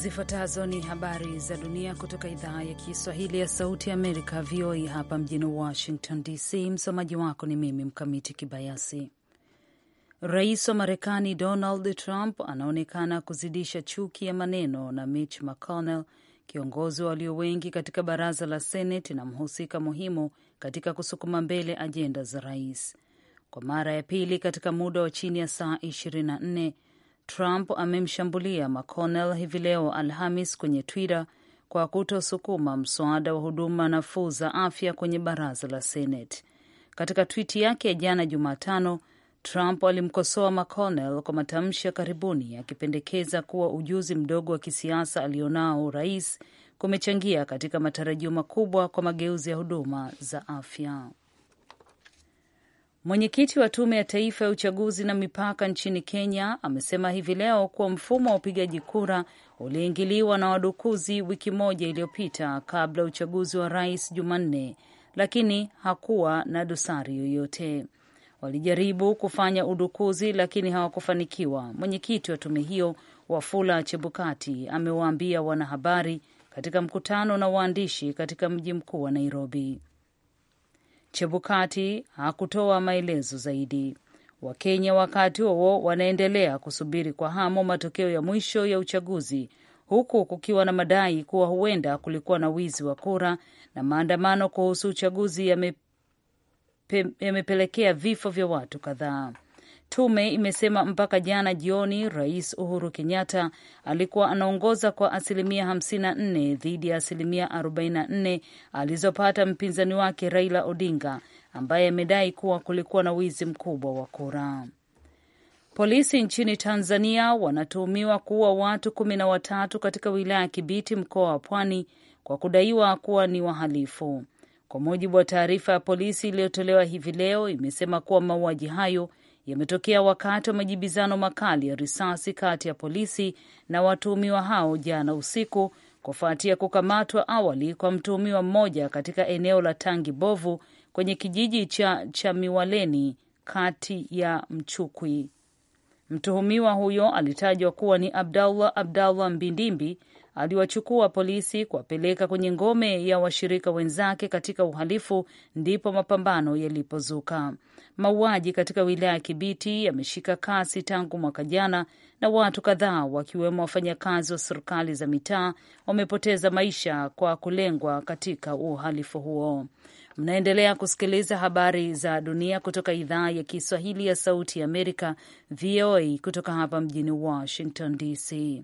Zifuatazo ni habari za dunia kutoka idhaa ya Kiswahili ya Sauti ya Amerika, VOA, hapa mjini Washington DC. Msomaji wako ni mimi Mkamiti Kibayasi. Rais wa Marekani Donald Trump anaonekana kuzidisha chuki ya maneno na Mitch McConnell, kiongozi wa walio wengi katika baraza la Seneti na mhusika muhimu katika kusukuma mbele ajenda za rais. Kwa mara ya pili katika muda wa chini ya saa 24 Trump amemshambulia McConnell hivi leo Alhamis kwenye Twitter kwa kutosukuma mswada wa huduma nafuu za afya kwenye baraza la Senate. Katika twiti yake ya jana Jumatano, Trump alimkosoa McConnell kwa matamshi ya karibuni akipendekeza kuwa ujuzi mdogo wa kisiasa alionao rais kumechangia katika matarajio makubwa kwa mageuzi ya huduma za afya. Mwenyekiti wa Tume ya Taifa ya Uchaguzi na Mipaka nchini Kenya amesema hivi leo kuwa mfumo wa upigaji kura uliingiliwa na wadukuzi wiki moja iliyopita kabla uchaguzi wa rais Jumanne, lakini hakuwa na dosari yoyote. Walijaribu kufanya udukuzi lakini hawakufanikiwa. Mwenyekiti wa tume hiyo Wafula Chebukati amewaambia wanahabari katika mkutano na waandishi katika mji mkuu wa Nairobi. Chebukati hakutoa maelezo zaidi. Wakenya wakati huo wanaendelea kusubiri kwa hamu matokeo ya mwisho ya uchaguzi huku kukiwa na madai kuwa huenda kulikuwa na wizi wa kura na maandamano kuhusu uchaguzi yamepelekea vifo vya watu kadhaa. Tume imesema mpaka jana jioni Rais Uhuru Kenyatta alikuwa anaongoza kwa asilimia 54 dhidi ya asilimia 44 alizopata mpinzani wake Raila Odinga ambaye amedai kuwa kulikuwa na wizi mkubwa wa kura. Polisi nchini Tanzania wanatuhumiwa kuua watu kumi na watatu katika wilaya ya Kibiti mkoa wa Pwani kwa kudaiwa kuwa ni wahalifu. Kwa mujibu wa taarifa ya polisi iliyotolewa hivi leo, imesema kuwa mauaji hayo yametokea wakati wa majibizano makali ya risasi kati ya polisi na watuhumiwa hao jana usiku kufuatia kukamatwa awali kwa mtuhumiwa mmoja katika eneo la Tangi Bovu kwenye kijiji cha Chamiwaleni kati ya Mchukwi. Mtuhumiwa huyo alitajwa kuwa ni Abdallah Abdallah Mbindimbi, aliwachukua polisi kuwapeleka kwenye ngome ya washirika wenzake katika uhalifu, ndipo mapambano yalipozuka. Mauaji katika wilaya ya Kibiti yameshika kasi tangu mwaka jana, na watu kadhaa wakiwemo wafanyakazi wa serikali za mitaa wamepoteza maisha kwa kulengwa katika uhalifu huo. Mnaendelea kusikiliza habari za dunia kutoka idhaa ya Kiswahili ya Sauti ya Amerika, VOA, kutoka hapa mjini Washington DC.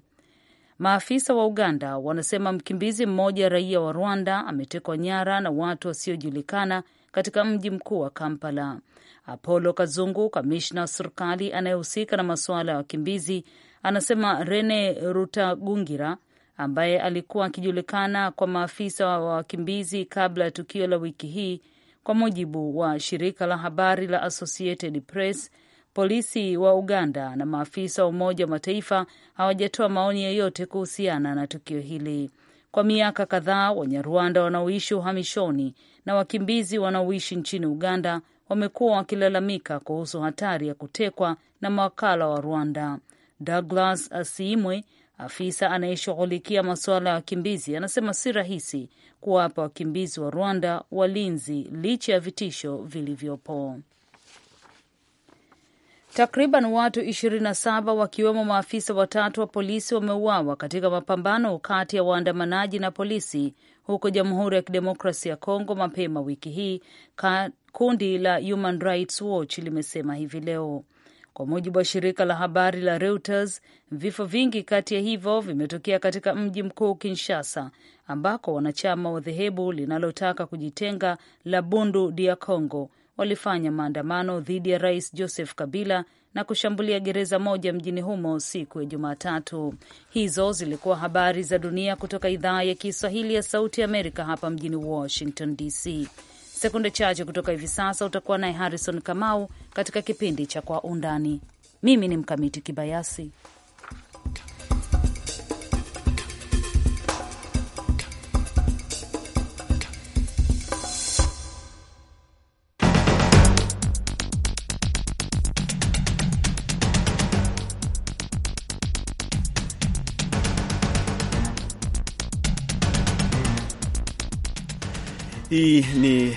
Maafisa wa Uganda wanasema mkimbizi mmoja raia wa Rwanda ametekwa nyara na watu wasiojulikana katika mji mkuu wa Kampala. Apollo Kazungu, kamishna wa serikali anayehusika na masuala ya wakimbizi, anasema Rene Rutagungira ambaye alikuwa akijulikana kwa maafisa wa wakimbizi kabla ya tukio la wiki hii. Kwa mujibu wa shirika la habari la Associated Press, polisi wa Uganda na maafisa wa Umoja wa Mataifa hawajatoa maoni yoyote kuhusiana na tukio hili. Kwa miaka kadhaa, Wanyarwanda wanaoishi uhamishoni na wakimbizi wanaoishi nchini Uganda wamekuwa wakilalamika kuhusu hatari ya kutekwa na mawakala wa Rwanda. Douglas Asiimwe, afisa anayeshughulikia masuala ya wakimbizi, anasema si rahisi kuwapa wakimbizi wa Rwanda walinzi licha ya vitisho vilivyopo. Takriban watu 27 wakiwemo maafisa watatu wa polisi wameuawa katika mapambano kati ya waandamanaji na polisi huko Jamhuri ya Kidemokrasia ya Kongo mapema wiki hii, Kundi la Human Rights Watch limesema hivi leo. Kwa mujibu wa shirika la habari la Reuters, vifo vingi kati ya hivyo vimetokea katika mji mkuu Kinshasa, ambako wanachama wa dhehebu linalotaka kujitenga la Bundu dia Congo walifanya maandamano dhidi ya Rais Joseph Kabila na kushambulia gereza moja mjini humo siku ya Jumatatu. Hizo zilikuwa habari za dunia kutoka idhaa ya Kiswahili ya Sauti ya Amerika hapa mjini Washington DC. Sekunde chache kutoka hivi sasa utakuwa naye Harrison Kamau katika kipindi cha Kwa Undani. Mimi ni Mkamiti Kibayasi. Hii ni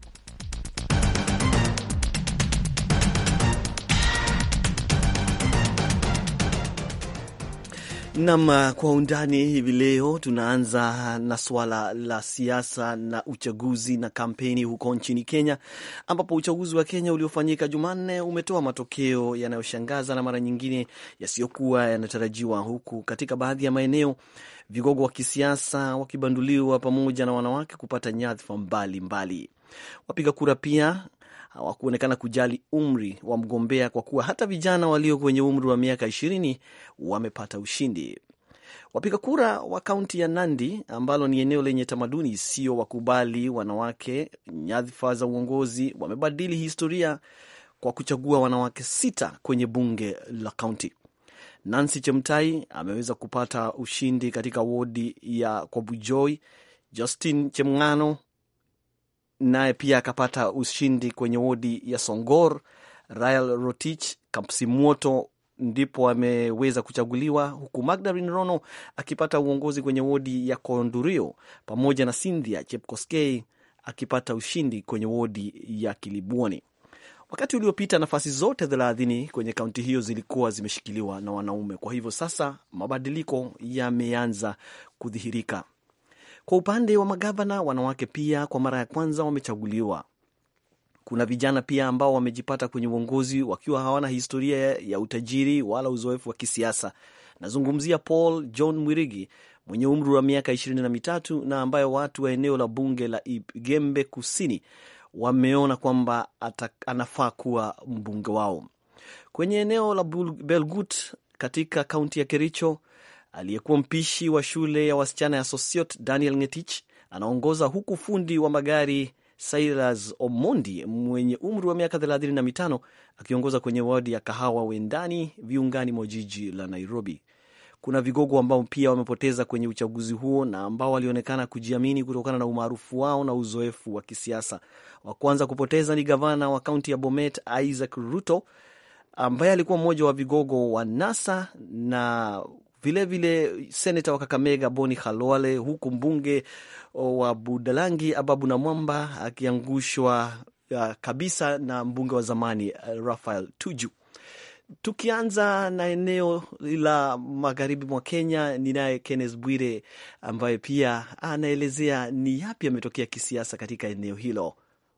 Nam, uh, kwa undani hivi leo tunaanza na suala la siasa na uchaguzi na kampeni huko nchini Kenya, ambapo uchaguzi wa Kenya uliofanyika Jumanne umetoa matokeo yanayoshangaza na mara nyingine yasiyokuwa yanatarajiwa, huku katika baadhi ya maeneo vigogo wa kisiasa wakibanduliwa pamoja na wanawake kupata nyadhifa mbalimbali. Wapiga kura pia hawakuonekana kujali umri wa mgombea kwa kuwa hata vijana walio kwenye umri wa miaka ishirini wamepata ushindi. Wapiga kura wa kaunti ya Nandi, ambalo ni eneo lenye tamaduni isiyo wakubali wanawake nyadhifa za uongozi, wamebadili historia kwa kuchagua wanawake sita kwenye bunge la kaunti. Nancy Chemtai ameweza kupata ushindi katika wodi ya Kwabujoi. Justin Chemng'ano naye pia akapata ushindi kwenye wodi ya Songor. Rael Rotich moto ndipo ameweza kuchaguliwa huku Magdalene Rono akipata uongozi kwenye wodi ya Kondurio pamoja na Cynthia Chepkoskei akipata ushindi kwenye wodi ya Kilibwoni. Wakati uliopita nafasi zote thelathini kwenye kaunti hiyo zilikuwa zimeshikiliwa na wanaume. Kwa hivyo sasa mabadiliko yameanza kudhihirika. Kwa upande wa magavana wanawake, pia kwa mara ya kwanza wamechaguliwa. Kuna vijana pia ambao wamejipata kwenye uongozi wakiwa hawana historia ya utajiri wala uzoefu wa kisiasa. Nazungumzia Paul John Mwirigi mwenye umri wa miaka ishirini na mitatu na ambaye watu wa eneo la bunge la Igembe Kusini wameona kwamba anafaa kuwa mbunge wao. Kwenye eneo la Belgut katika kaunti ya Kericho, Aliyekuwa mpishi wa shule ya wasichana ya Sosiot, Daniel Ngetich, anaongoza huku fundi wa magari Silas Omondi mwenye umri wa miaka 35 akiongoza kwenye wodi ya kahawa Wendani, viungani mwa jiji la Nairobi. Kuna vigogo ambao pia wamepoteza kwenye uchaguzi huo na ambao walionekana kujiamini kutokana na umaarufu wao na uzoefu wa kisiasa. Wa kwanza kupoteza ni gavana wa kaunti ya Bomet, Isaac Ruto, ambaye alikuwa mmoja wa vigogo wa NASA na vilevile seneta wa Kakamega Boni Khalwale, huku mbunge wa Budalangi Ababu Namwamba akiangushwa uh, kabisa na mbunge wa zamani uh, Rafael Tuju. Tukianza na eneo la magharibi mwa Kenya, ninaye Kenneth Bwire ambaye pia anaelezea ni yapi yametokea kisiasa katika eneo hilo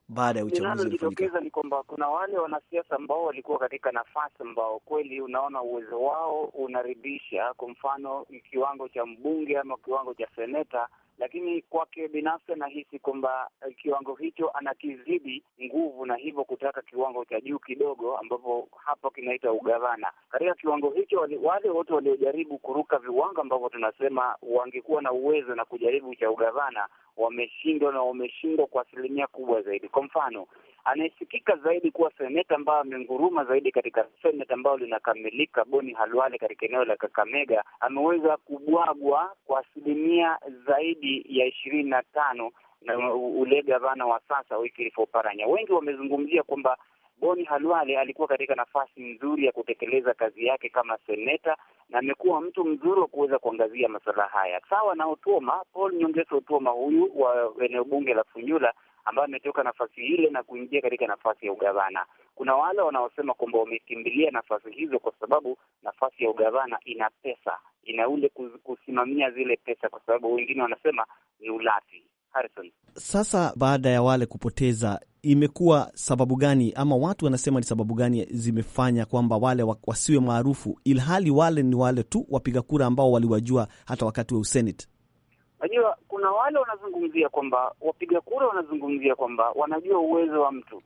baada ya uchaguzi linalojitokeza ni kwamba kuna wale wanasiasa ambao walikuwa katika nafasi ambao kweli unaona uwezo wao unaridhisha. Kwa mfano, kiwango cha mbunge ama kiwango cha seneta lakini kwake binafsi anahisi kwamba eh, kiwango hicho anakizidi nguvu, na hivyo kutaka kiwango cha juu kidogo, ambapo hapo kinaita ugavana. Katika kiwango hicho, wale wote waliojaribu kuruka viwango ambavyo tunasema wangekuwa na uwezo na kujaribu cha ugavana wameshindwa, na wameshindwa kwa asilimia kubwa zaidi. Kwa mfano Anayesikika zaidi kuwa seneta ambayo amenguruma zaidi katika seneta ambayo linakamilika Boni Halwale katika eneo la Kakamega ameweza kubwagwa kwa asilimia zaidi ya ishirini na tano na ule gavana wa sasa Wycliffe Oparanya. Wengi wamezungumzia kwamba Boni Halwale alikuwa katika nafasi nzuri ya kutekeleza kazi yake kama seneta na amekuwa mtu mzuri wa kuweza kuangazia masuala haya, sawa na Otuoma Paul Nyongeso Otuoma, huyu wa eneo bunge la Funyula ambaye ametoka nafasi ile na kuingia katika nafasi ya ugavana. Kuna wale wanaosema kwamba wamekimbilia nafasi hizo kwa sababu nafasi ya ugavana ina pesa, ina ule kusimamia zile pesa, kwa sababu wengine wanasema ni ulafi. Harrison, sasa baada ya wale kupoteza, imekuwa sababu gani ama watu wanasema ni sababu gani zimefanya kwamba wale wasiwe maarufu, ilhali wale ni wale tu wapiga kura ambao waliwajua hata wakati wa usenate? Unajua, kuna wale wanazungumzia kwamba wapiga kura wanazungumzia kwamba wanajua uwezo wa mtu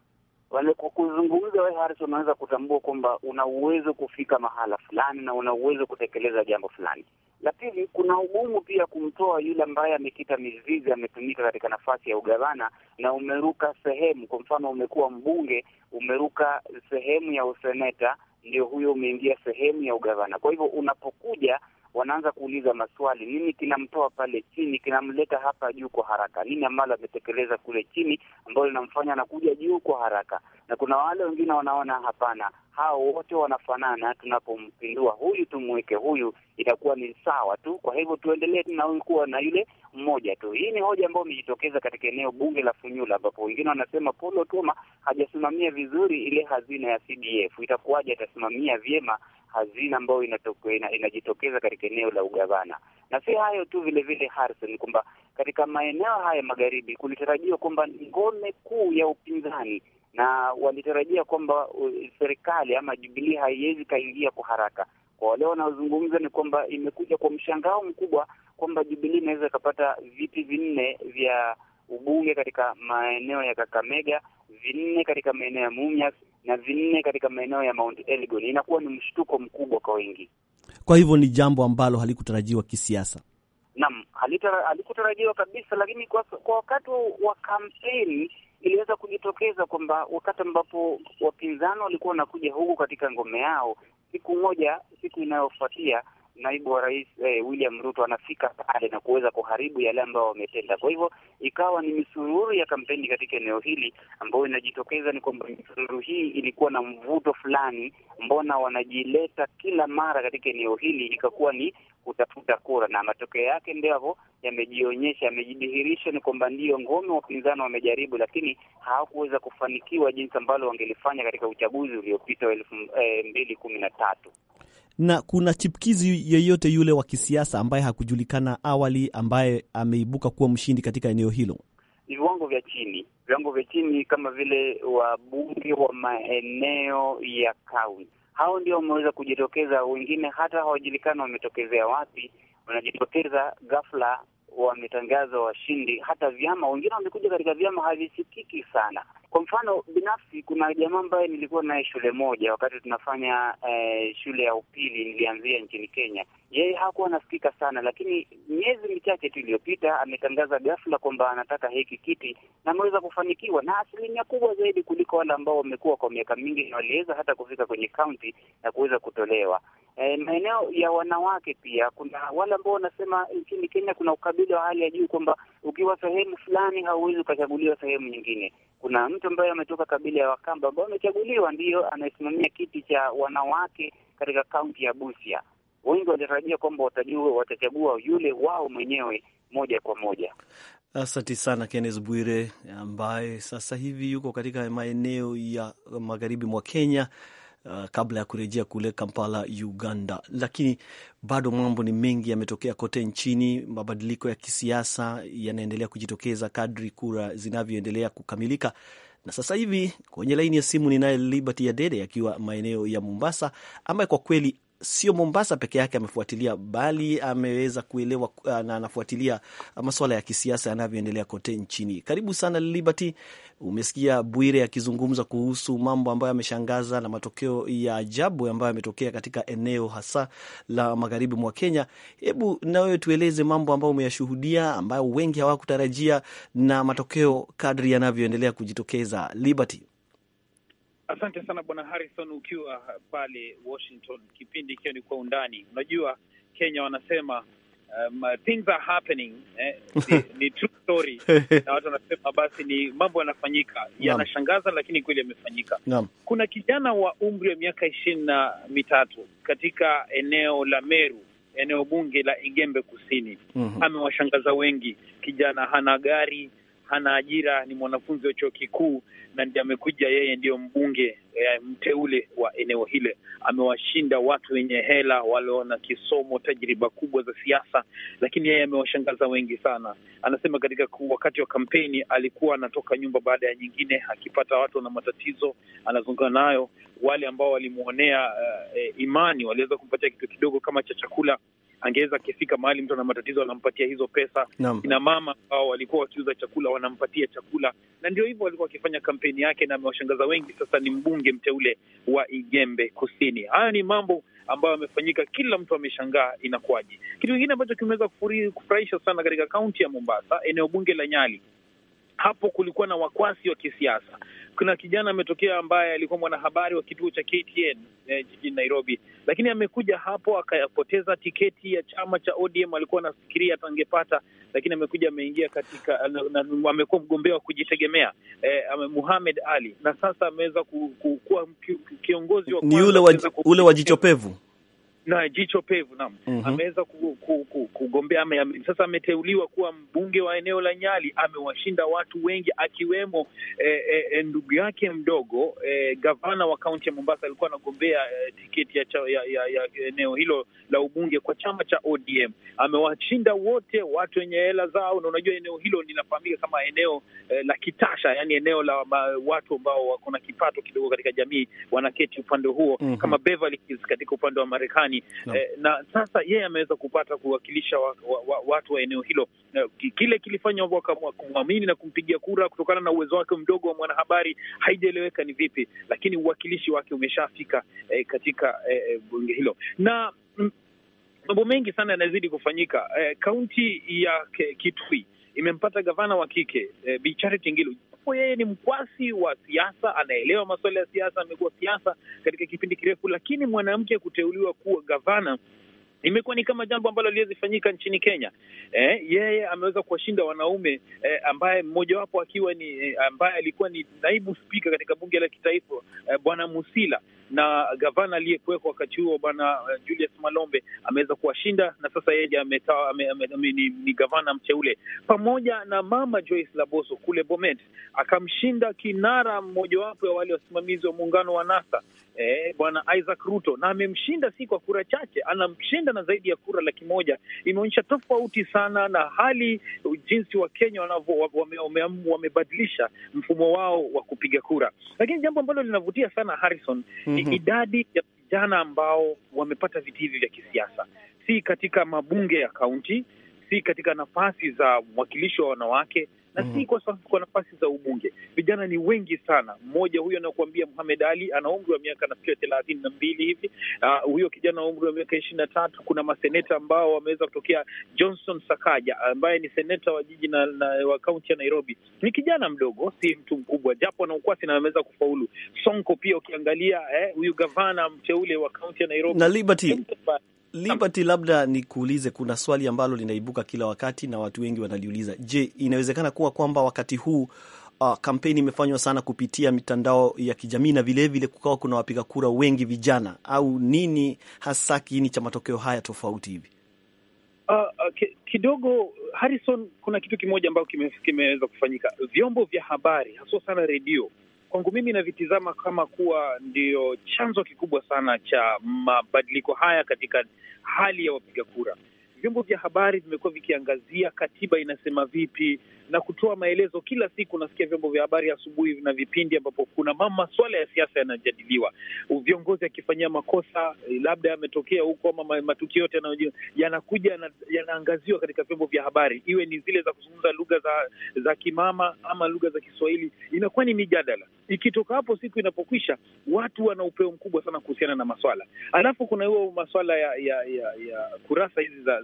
wale kwa kuzungumza, wewe Harrison, unaweza kutambua kwamba una uwezo kufika mahala fulani na una uwezo kutekeleza jambo fulani. La pili, kuna ugumu pia kumtoa yule ambaye amekita mizizi, ametumika katika nafasi ya ugavana na umeruka sehemu. Kwa mfano, umekuwa mbunge, umeruka sehemu ya useneta, ndio huyo umeingia sehemu ya ugavana. Kwa hivyo unapokuja wanaanza kuuliza maswali, nini kinamtoa pale chini kinamleta hapa juu kwa haraka? Nini ambalo ametekeleza kule chini ambayo linamfanya anakuja juu kwa haraka? Na kuna wale wengine wanaona hapana, hao wote wanafanana, tunapompindua huyu tumweke huyu itakuwa ni sawa tu, kwa hivyo tuendelee na huyu kuwa na yule mmoja tu. Hii ni hoja ambayo imejitokeza katika eneo bunge la Funyula, ambapo wengine wanasema Paul Otuoma hajasimamia vizuri ile hazina ya CDF. Itakuwaje atasimamia vyema hazina ambayo inatokea inajitokeza katika eneo la ugavana. Na si hayo tu, vile vile Harrison, kwamba katika maeneo haya magharibi kulitarajiwa kwamba ngome kuu ya upinzani na walitarajia kwamba serikali ama jubilii haiwezi kaingia kwa haraka. Kwa wale wanaozungumza ni kwamba imekuja kwa mshangao mkubwa kwamba jubilii inaweza ikapata viti vinne vya ubunge katika maeneo ya Kakamega vinne katika maeneo ya Mumias na vinne katika maeneo ya Mount Elgon. Inakuwa ni mshtuko mkubwa kwa wengi. Kwa hivyo ni jambo ambalo halikutarajiwa kisiasa. Naam, halikutarajiwa kabisa, lakini kwa, kwa wakati wa kampeni iliweza kujitokeza kwamba wakati ambapo wapinzani walikuwa wanakuja huku katika ngome yao siku moja, siku inayofuatia naibu wa rais eh, William Ruto anafika pale na kuweza kuharibu yale ambayo wametenda. Kwa hivyo ikawa ni misururu ya kampeni katika eneo hili ambayo inajitokeza ni kwamba misururu hii ilikuwa na mvuto fulani, mbona wanajileta kila mara katika eneo hili, ikakuwa ni kutafuta kura, na matokeo yake ndivyo yamejionyesha, yamejidhihirisha ni kwamba ndiyo ngome wa upinzani wamejaribu, lakini hawakuweza kufanikiwa jinsi ambalo wangelifanya katika uchaguzi uliopita wa elfu eh, mbili kumi na tatu na kuna chipkizi yeyote yule wa kisiasa ambaye hakujulikana awali ambaye ameibuka kuwa mshindi katika eneo hilo? ni Viwango vya chini, viwango vya chini kama vile wabunge wa maeneo ya kaunti, hao ndio wameweza kujitokeza. Wengine hata hawajulikana wametokezea wapi, wanajitokeza ghafla, wametangaza washindi. Hata vyama wengine wamekuja katika vyama havisikiki sana. Kwa mfano binafsi, kuna jamaa ambaye nilikuwa naye shule moja wakati tunafanya eh, shule ya upili, nilianzia nchini Kenya. Yeye hakuwa anasikika sana, lakini miezi michache tu iliyopita ametangaza ghafla kwamba anataka hiki kiti na ameweza kufanikiwa, na asilimia kubwa zaidi kuliko wale ambao wamekuwa kwa miaka mingi na waliweza hata kufika kwenye kaunti na kuweza kutolewa. Eh, maeneo ya wanawake pia kuna wale ambao wanasema nchini Kenya kuna ukabila wa hali ya juu kwamba ukiwa sehemu fulani hauwezi ukachaguliwa sehemu nyingine kuna mtu ambaye ametoka kabila ya Wakamba ambayo amechaguliwa ndiyo anayesimamia kiti cha wanawake katika kaunti ya Busia. Wengi walitarajia kwamba watajua watachagua yule wao mwenyewe moja kwa moja. Asante sana Kenneth Bwire ambaye sasa hivi yuko katika maeneo ya magharibi mwa Kenya uh, kabla ya kurejea kule Kampala, Uganda. Lakini bado mambo ni mengi yametokea kote nchini. Mabadiliko ya kisiasa yanaendelea kujitokeza kadri kura zinavyoendelea kukamilika na sasa hivi kwenye laini ya simu ninaye Liberty ya Dede akiwa maeneo ya Mombasa, ambaye kwa kweli sio Mombasa peke yake amefuatilia, bali ameweza kuelewa uh, na anafuatilia masuala ya kisiasa yanavyoendelea kote nchini. Karibu sana Liberty. Umesikia Bwire akizungumza kuhusu mambo ambayo yameshangaza na matokeo ya ajabu ambayo yametokea katika eneo hasa la magharibi mwa Kenya. Hebu nawewe tueleze mambo ambayo umeyashuhudia, ambayo wengi hawakutarajia na matokeo kadri yanavyoendelea kujitokeza, Liberty. Asante sana bwana Harrison, ukiwa pale Washington, kipindi ikiwa ni kwa undani. Unajua Kenya wanasema um, things are happening eh, ni, ni true story na watu wanasema basi ni mambo yanafanyika, yanashangaza lakini kweli yamefanyika. Kuna kijana wa umri wa miaka ishirini na mitatu katika eneo la Meru, eneo bunge la Igembe Kusini. mm -hmm. Amewashangaza wengi. Kijana hana gari hana ajira, ni mwanafunzi wa chuo kikuu na ndiye amekuja, yeye ndiyo mbunge e, mteule wa eneo hile. Amewashinda watu wenye hela walio kisomo, tajriba kubwa za siasa, lakini yeye amewashangaza wengi sana. Anasema katika wakati wa kampeni alikuwa anatoka nyumba baada ya nyingine, akipata watu wana matatizo anazungumza nayo. Wale ambao walimwonea uh, eh, eh, imani waliweza kumpatia kitu kidogo kama cha chakula angeweza akifika mahali mtu ana matatizo anampatia hizo pesa. Kina mama ambao walikuwa wakiuza chakula wanampatia chakula, na ndio hivyo walikuwa wakifanya kampeni yake, na amewashangaza wengi. Sasa ni mbunge mteule wa Igembe Kusini. Haya ni mambo ambayo amefanyika, kila mtu ameshangaa inakuwaje. Kitu kingine ambacho kimeweza kufurahisha sana katika kaunti ya Mombasa, eneo bunge la Nyali hapo kulikuwa na wakwasi wa kisiasa. Kuna kijana ametokea ambaye alikuwa mwanahabari wa kituo cha KTN eh, jijini Nairobi, lakini amekuja hapo akapoteza tiketi ya chama cha ODM. Alikuwa anafikiria atangepata, lakini amekuja ameingia katika, amekuwa mgombea wa kujitegemea eh, Muhamed Ali, na sasa ameweza kuwa ku, kiongozi wa ni ule wa, ule wajichopevu na jicho pevu nam mm -hmm. ameweza kugombea ku, ku, ame, sasa ameteuliwa kuwa mbunge wa eneo la Nyali. Amewashinda watu wengi akiwemo eh, eh, eh, ndugu yake mdogo eh, gavana wa kaunti ya Mombasa alikuwa anagombea eh, tiketi ya, ya, ya, ya eneo hilo la ubunge kwa chama cha ODM. Amewashinda wote watu wenye hela zao, na unajua eneo hilo linafahamika kama eneo eh, la kitasha, yani eneo la ma, watu ambao wako na kipato kidogo katika jamii wanaketi upande huo, mm -hmm. kama Beverly Hills katika upande wa Marekani nyingi no. Eh, na sasa yeye ameweza kupata kuwakilisha wa, wa, wa, watu wa eneo hilo, eh, kile kilifanya wakamwamini na kumpigia kura kutokana na uwezo wake mdogo wa mwanahabari, haijaeleweka ni vipi, lakini uwakilishi wake umeshafika eh, katika eh, eh bunge hilo na mm, mambo mengi sana yanazidi kufanyika. Eh, kaunti ya Kitui imempata gavana wa kike eh, Bi Charity Ngilu ambapo yeye ni mkwasi wa siasa, anaelewa masuala ya siasa, amekuwa siasa katika kipindi kirefu, lakini mwanamke kuteuliwa kuwa gavana imekuwa ni kama jambo ambalo liwezifanyika nchini Kenya. Eh, yeye ameweza kuwashinda wanaume eh, ambaye mmojawapo akiwa ni eh, ambaye alikuwa ni naibu spika katika bunge la kitaifa eh, Bwana Musila na gavana aliyekuwekwa wakati huo bwana eh, Julius Malombe ameweza kuwashinda, na sasa yeye ni gavana mteule, pamoja na mama Joyce Laboso kule Bomet akamshinda kinara mmojawapo ya wale wasimamizi wa muungano wa NASA eh, bwana Isaac Ruto, na amemshinda si kwa kura chache, anamshinda na zaidi ya kura laki moja. Imeonyesha tofauti sana na hali jinsi Wakenya wamebadilisha mfumo wao wa kupiga kura, lakini jambo ambalo linavutia sana Harrison, hmm ni mhm. idadi ya vijana ambao wamepata viti hivi vya kisiasa, si katika mabunge ya kaunti, si katika nafasi za mwakilishi wa wanawake, na mm si kwa, kwa nafasi za ubunge. Vijana ni wengi sana. Mmoja huyo anakuambia Muhamed Ali ana umri wa miaka nafikiri thelathini na mbili hivi. Uh, huyo kijana wa umri wa miaka ishirini na tatu. Kuna maseneta ambao wameweza kutokea, Johnson Sakaja ambaye ni seneta wa jiji na, na, wa kaunti ya Nairobi, ni kijana mdogo, si mtu mkubwa, japo ana ukwasi na ameweza kufaulu. Sonko pia ukiangalia, eh, huyu gavana mteule wa kaunti ya Nairobi na Liberty Liberty, labda nikuulize, kuna swali ambalo linaibuka kila wakati na watu wengi wanaliuliza. Je, inawezekana kuwa kwamba wakati huu uh, kampeni imefanywa sana kupitia mitandao ya kijamii na vilevile kukawa kuna wapiga kura wengi vijana, au nini hasa kiini cha matokeo haya tofauti hivi? Uh, uh kidogo Harrison, kuna kitu kimoja ambacho kimeweza kime kufanyika. Vyombo vya habari haswa sana redio kwangu mimi inavitizama kama kuwa ndio chanzo kikubwa sana cha mabadiliko haya katika hali ya wapiga kura vyombo vya habari vimekuwa vikiangazia katiba inasema vipi na kutoa maelezo kila siku. Nasikia vyombo vya habari asubuhi vina vipindi ambapo kuna maswala ya siasa yanajadiliwa, viongozi akifanyia makosa e, labda yametokea huko ama matukio yote yanakuja yanaangaziwa katika vyombo vya habari, iwe ni zile za kuzungumza lugha za za kimama ama lugha za Kiswahili, inakuwa ni mijadala. Ikitoka hapo siku inapokwisha, watu wana upeo mkubwa sana kuhusiana na maswala alafu kuna huo maswala ya, ya, ya, ya kurasa hizi za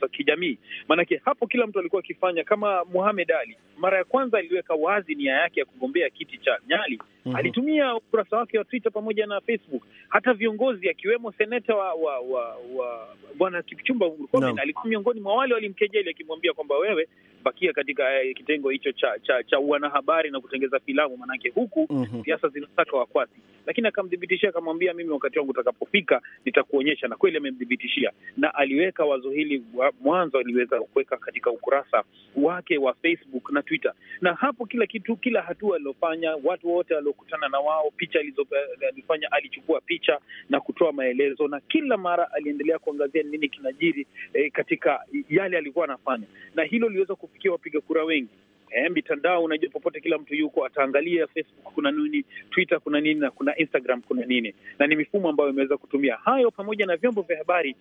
za kijamii. Maanake hapo kila mtu alikuwa akifanya kama Muhamed Ali, mara ya kwanza aliweka wazi nia yake ya kugombea kiti cha Nyali. mm -hmm. Alitumia ukurasa wake wa Twitter pamoja na Facebook. Hata viongozi akiwemo seneta wa wa, wa, wa bwana Kipchumba Murkomen no. alikuwa miongoni mwa wale walimkejeli, akimwambia kwamba wewe bakia katika eh, kitengo hicho cha cha, cha wanahabari na kutengeza filamu, maanake huku mhm. siasa mm -hmm. zinataka wakwasi, lakini akamthibitishia akamwambia, mimi wakati wangu utakapofika nitakuonyesha, na kweli amemthibitishia na aliweka wazo hili mwanzo aliweza kuweka katika ukurasa wake wa Facebook na Twitter, na hapo kila kitu, kila hatua alilofanya, watu wote waliokutana na wao, picha alizofanya, eh, alichukua picha na kutoa maelezo, na kila mara aliendelea kuangazia nini kinajiri eh, katika yale alikuwa anafanya, na hilo liliweza kufikia wapiga kura wengi. Eh, mitandao unajua, popote kila mtu yuko ataangalia Facebook kuna nini, Twitter kuna nini, na kuna Instagram kuna nini, na ni mifumo ambayo imeweza kutumia hayo pamoja na vyombo vya habari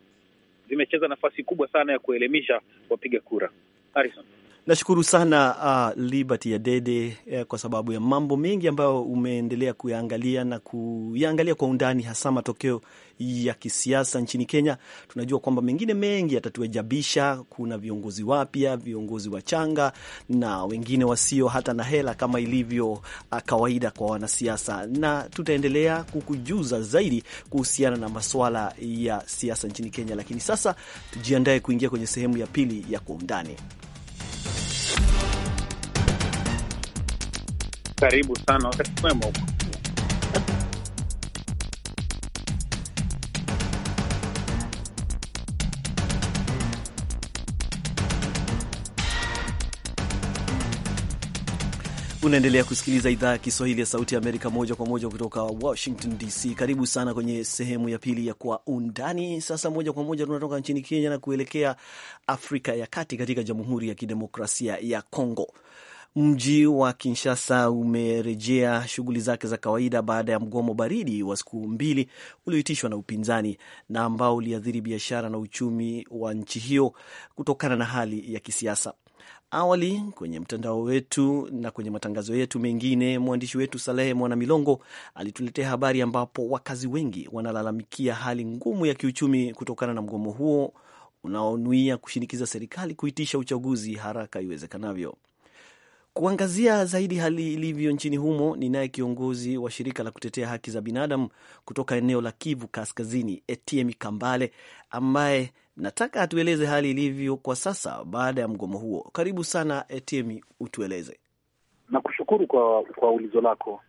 zimecheza nafasi kubwa sana ya kuelimisha wapiga kura. Harrison. Nashukuru sana uh, Liberty ya Dede eh, kwa sababu ya mambo mengi ambayo umeendelea kuyaangalia na kuyaangalia kwa undani, hasa matokeo ya kisiasa nchini Kenya. Tunajua kwamba mengine mengi yatatuejabisha. Kuna viongozi wapya, viongozi wachanga na wengine wasio hata na hela, kama ilivyo uh, kawaida kwa wanasiasa, na tutaendelea kukujuza zaidi kuhusiana na masuala ya siasa nchini Kenya. Lakini sasa tujiandae kuingia kwenye sehemu ya pili ya kwa undani. Karibu sana wakati mwema huko. Unaendelea kusikiliza idhaa ya Kiswahili ya Sauti ya Amerika moja kwa moja kutoka Washington DC. Karibu sana kwenye sehemu ya pili ya Kwa Undani. Sasa moja kwa moja tunatoka nchini Kenya na kuelekea Afrika ya Kati, katika Jamhuri ya Kidemokrasia ya congo Mji wa Kinshasa umerejea shughuli zake za kawaida baada ya mgomo baridi wa siku mbili ulioitishwa na upinzani na ambao uliathiri biashara na uchumi wa nchi hiyo kutokana na hali ya kisiasa awali kwenye mtandao wetu na kwenye matangazo yetu mengine, mwandishi wetu Salehe Mwana Milongo alituletea habari ambapo wakazi wengi wanalalamikia hali ngumu ya kiuchumi kutokana na mgomo huo unaonuia kushinikiza serikali kuitisha uchaguzi haraka iwezekanavyo. Kuangazia zaidi hali ilivyo nchini humo, ninaye kiongozi wa shirika la kutetea haki za binadamu kutoka eneo la Kivu Kaskazini, Etiemi Kambale, ambaye Nataka atueleze hali ilivyo kwa sasa baada ya mgomo huo. Karibu sana Etiemi, utueleze. Nakushukuru kwa kwa ulizo lako.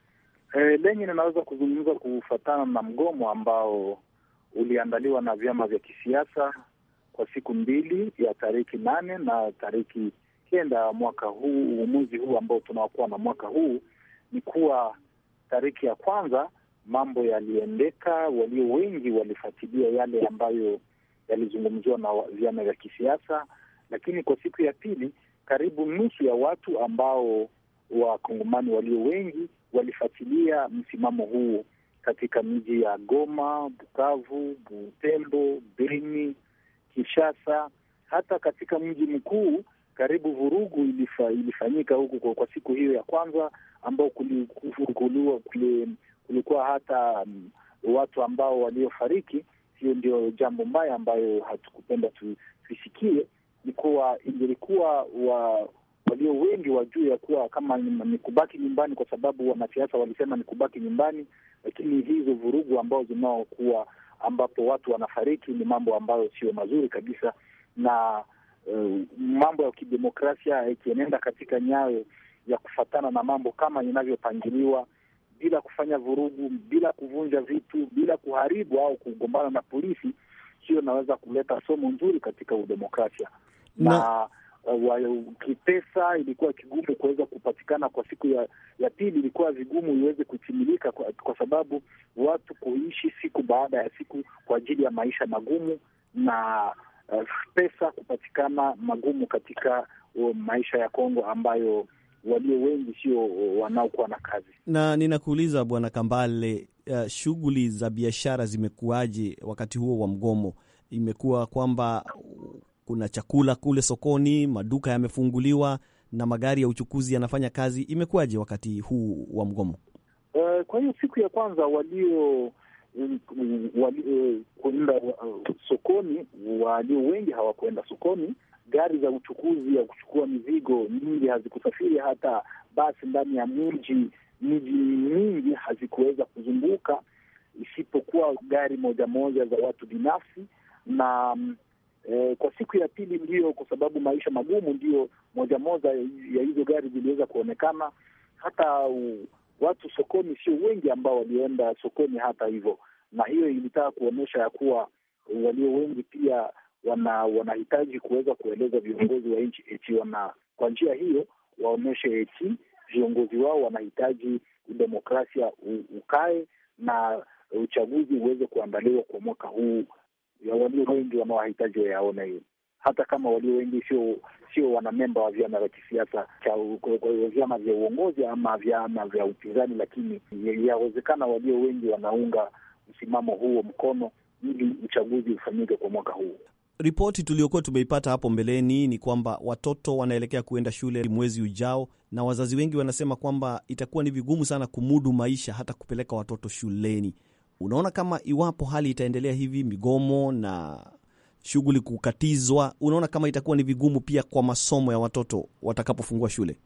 E, lenye ninaweza kuzungumza kufatana na mgomo ambao uliandaliwa na vyama vya kisiasa kwa siku mbili ya tariki nane na tariki kenda mwaka huu. Uamuzi huu ambao tunaokuwa na mwaka huu ni kuwa tariki ya kwanza mambo yaliendeka, walio wengi walifuatilia yale ambayo yalizungumziwa na vyama vya kisiasa, lakini kwa siku ya pili karibu nusu ya watu ambao wakongomani walio wengi walifuatilia msimamo huo katika miji ya Goma, Bukavu, Butembo, Beni, Kinshasa, hata katika mji mkuu karibu vurugu ilifa, ilifanyika huku kwa, kwa siku hiyo ya kwanza ambao kulikuwa hata um, watu ambao waliofariki hiyo ndio jambo mbaya ambayo hatukupenda tuisikie ni kuwa ingelikuwa wa walio wengi juu ya kuwa kama ni kubaki nyumbani, kwa sababu wanasiasa walisema ni kubaki nyumbani, lakini hizo vurugu ambao zinaokuwa ambapo watu wanafariki ni mambo ambayo sio mazuri kabisa, na uh, mambo ya kidemokrasia ikienenda katika nyayo ya kufatana na mambo kama inavyopangiliwa bila kufanya vurugu, bila kuvunja vitu, bila kuharibu au kugombana na polisi, hiyo naweza kuleta somo nzuri katika udemokrasia na, na uh, kipesa ilikuwa kigumu kuweza kupatikana kwa siku ya, ya pili ilikuwa vigumu iweze kutimilika kwa, kwa sababu watu kuishi siku baada ya siku kwa ajili ya maisha magumu na uh, pesa kupatikana magumu katika uh, maisha ya Kongo ambayo walio wengi sio uh, wanaokuwa na kazi. Na ninakuuliza Bwana Kambale, uh, shughuli za biashara zimekuwaje wakati huo wa mgomo? Imekuwa kwamba uh, kuna chakula kule sokoni, maduka yamefunguliwa na magari ya uchukuzi yanafanya kazi. Imekuwaje wakati huu wa mgomo? Uh, kwa hiyo siku ya kwanza walio um, um, walio uh, kwenda sokoni, walio wengi hawakuenda sokoni gari za uchukuzi ya kuchukua mizigo nyingi hazikusafiri, hata basi ndani ya mji miji mingi hazikuweza kuzunguka, isipokuwa gari moja moja za watu binafsi na E, kwa siku ya pili ndiyo, kwa sababu maisha magumu, ndio moja moja ya hizo gari ziliweza kuonekana. Hata u, watu sokoni sio wengi ambao walienda sokoni hata hivyo, na hiyo ilitaka kuonyesha ya kuwa walio wengi pia wana wanahitaji kuweza kueleza viongozi wa nchi eti wana, kwa njia hiyo waonyeshe eti viongozi wao wanahitaji demokrasia ukae na uchaguzi uweze kuandaliwa kwa mwaka huu. Walio wengi wanaohitaji wayaona hiyo, hata kama walio wengi sio sio wanamemba wa vyama vya kisiasa cha vyama vya uongozi ama vyama vya upinzani, lakini yawezekana walio wengi wanaunga msimamo huo mkono ili uchaguzi ufanyike kwa mwaka huu. Ripoti tuliokuwa tumeipata hapo mbeleni ni kwamba watoto wanaelekea kuenda shule mwezi ujao, na wazazi wengi wanasema kwamba itakuwa ni vigumu sana kumudu maisha hata kupeleka watoto shuleni. Unaona, kama iwapo hali itaendelea hivi, migomo na shughuli kukatizwa, unaona kama itakuwa ni vigumu pia kwa masomo ya watoto watakapofungua shule.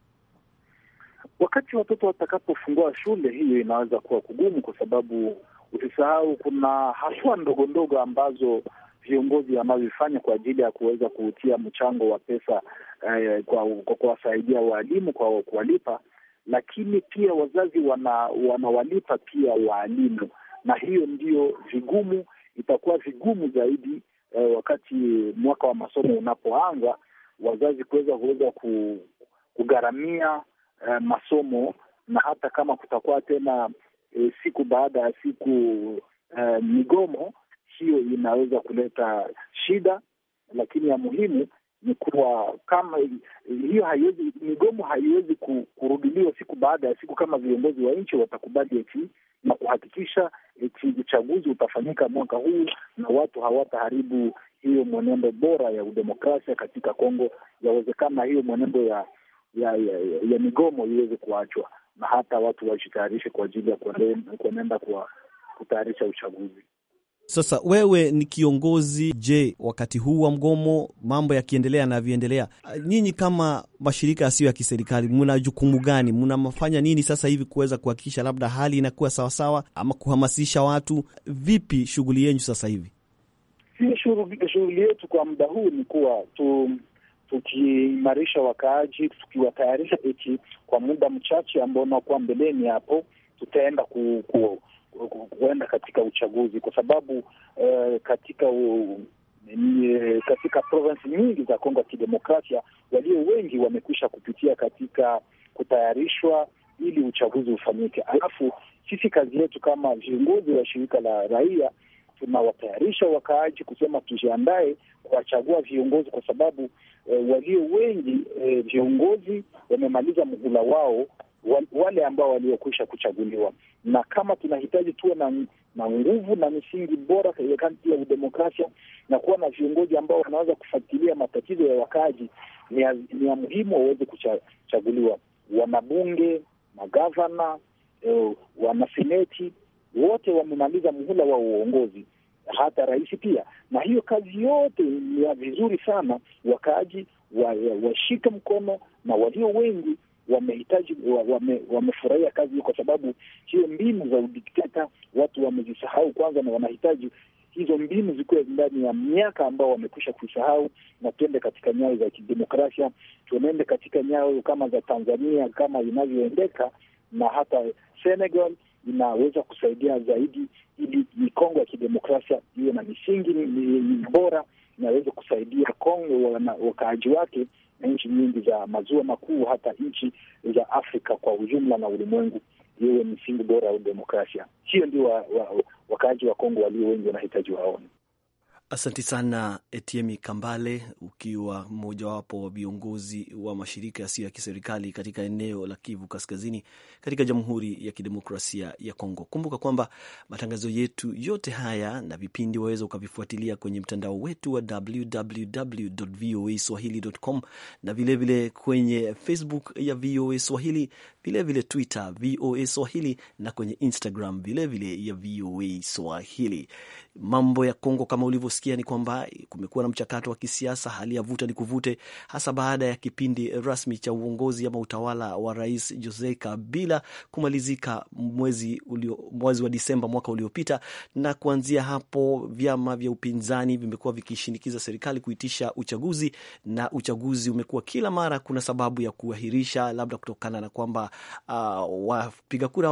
Wakati watoto watakapofungua shule, hiyo inaweza kuwa kugumu, kwa sababu usisahau kuna hatua ndogo ndogo ambazo viongozi wanavyofanya kwa ajili ya kuweza kuutia mchango wa pesa eh, kwa kuwasaidia waalimu kwa kuwalipa, lakini pia wazazi wanawalipa wana pia waalimu, na hiyo ndio vigumu, itakuwa vigumu zaidi eh, wakati mwaka wa masomo unapoanza wazazi kuweza kuweza kugharamia eh, masomo na hata kama kutakuwa tena eh, siku baada ya siku eh, migomo hiyo inaweza kuleta shida, lakini ya muhimu ni kuwa kama hiyo haiwezi, migomo haiwezi kurudiliwa siku baada ya siku kama viongozi wa nchi watakubali eti na kuhakikisha eti uchaguzi utafanyika mwaka huu na watu hawataharibu hiyo mwenendo bora ya udemokrasia katika Kongo. Yawezekana hiyo mwenendo ya ya, ya, ya, ya migomo iweze kuachwa na hata watu wajitayarishe kwa ajili ya kuenenda kwa kutayarisha uchaguzi. Sasa wewe ni kiongozi, je, wakati huu wa mgomo, mambo yakiendelea yanavyoendelea, nyinyi kama mashirika yasiyo ya kiserikali mna jukumu gani? Mnafanya nini sasa hivi kuweza kuhakikisha labda hali inakuwa sawasawa, ama kuhamasisha watu? Vipi shughuli yenyu sasa hivi? Hii shughuli yetu kwa muda huu ni kuwa tu tukiimarisha wakaaji, tukiwatayarisha eti kwa muda mchache ambao unaokuwa mbeleni hapo, tutaenda ku, ku kuenda katika uchaguzi kwa sababu uh, katika uh, katika provinsi nyingi za Kongo ya Kidemokrasia walio wengi wamekwisha kupitia katika kutayarishwa ili uchaguzi ufanyike. Alafu sisi kazi yetu kama viongozi wa shirika la raia tunawatayarisha wakaaji kusema tujiandae kuwachagua viongozi, kwa sababu e, walio wengi e, viongozi wamemaliza mhula wao wale ambao waliokwisha kuchaguliwa, na kama tunahitaji tuwe na, na nguvu na misingi bora kati ya udemokrasia na kuwa na viongozi ambao wanaweza kufuatilia matatizo ya wakaaji, ni ya muhimu waweze kuchaguliwa wanabunge, magavana, eh, wanaseneti wote wamemaliza muhula wa uongozi, hata rais pia. Na hiyo kazi yote ni ya vizuri sana, wakaaji washike wa mkono na walio wengi wamehitaji wame, wamefurahia kazi hiyo kwa sababu hiyo mbinu za udikteta watu wamezisahau kwanza, na wanahitaji hizo mbinu zikuwe ndani ya miaka ambao wamekwisha kuisahau, na tuende katika nyayo za kidemokrasia, tunaende katika nyayo kama za Tanzania kama inavyoendeka, na hata Senegal inaweza kusaidia zaidi, ili mikongo ya kidemokrasia iwe na misingi bora inaweza kusaidia Kongo wakaaji wake na nchi nyingi za maziwa makuu, hata nchi za Afrika kwa ujumla na ulimwengu iwe misingi bora ya demokrasia. Hiyo ndio wakaaji wa Kongo walio wengi wanahitaji waone. Asanti sana Etiemi Kambale, ukiwa mmojawapo wa viongozi wa mashirika yasiyo ya kiserikali katika eneo la Kivu Kaskazini katika Jamhuri ya Kidemokrasia ya Kongo. Kumbuka kwamba matangazo yetu yote haya na vipindi waweza ukavifuatilia kwenye mtandao wetu wa www voa swahili.com na vilevile vile kwenye Facebook ya VOA Swahili, vilevile vile Twitter VOA Swahili na kwenye Instagram vilevile vile ya VOA Swahili mambo ya Kongo kama ulivyosikia ni kwamba kumekuwa na mchakato wa kisiasa, hali ya vuta ni kuvute, hasa baada ya kipindi rasmi cha uongozi ama utawala wa Rais Jose Kabila kumalizika mwezi, ulio, mwezi wa Disemba mwaka uliopita, na kuanzia hapo vyama vya upinzani vimekuwa vikishinikiza serikali kuitisha uchaguzi, na uchaguzi umekuwa kila mara kuna sababu ya kuahirisha, labda kutokana na kwamba uh, wapiga kura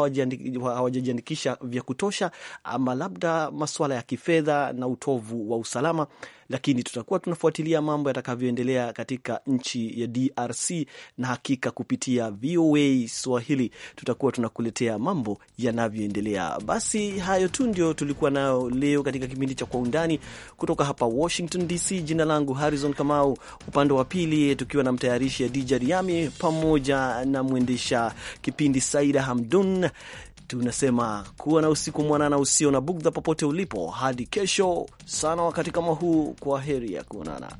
hawajajiandikisha vya kutosha ama labda maswala ya kifedha na utovu wa usalama, lakini tutakuwa tunafuatilia mambo yatakavyoendelea katika nchi ya DRC, na hakika kupitia VOA Swahili tutakuwa tunakuletea mambo yanavyoendelea. Basi hayo tu ndio tulikuwa nayo leo katika kipindi cha Kwa Undani kutoka hapa Washington DC. Jina langu Harrison Kamau, upande wa pili tukiwa na mtayarishi ya DJ Riami pamoja na mwendesha kipindi Saida Hamdun wetu unasema kuwa na usiku mwanana usio na bugdha popote ulipo, hadi kesho sana wakati kama huu. Kwa heri ya kuonana.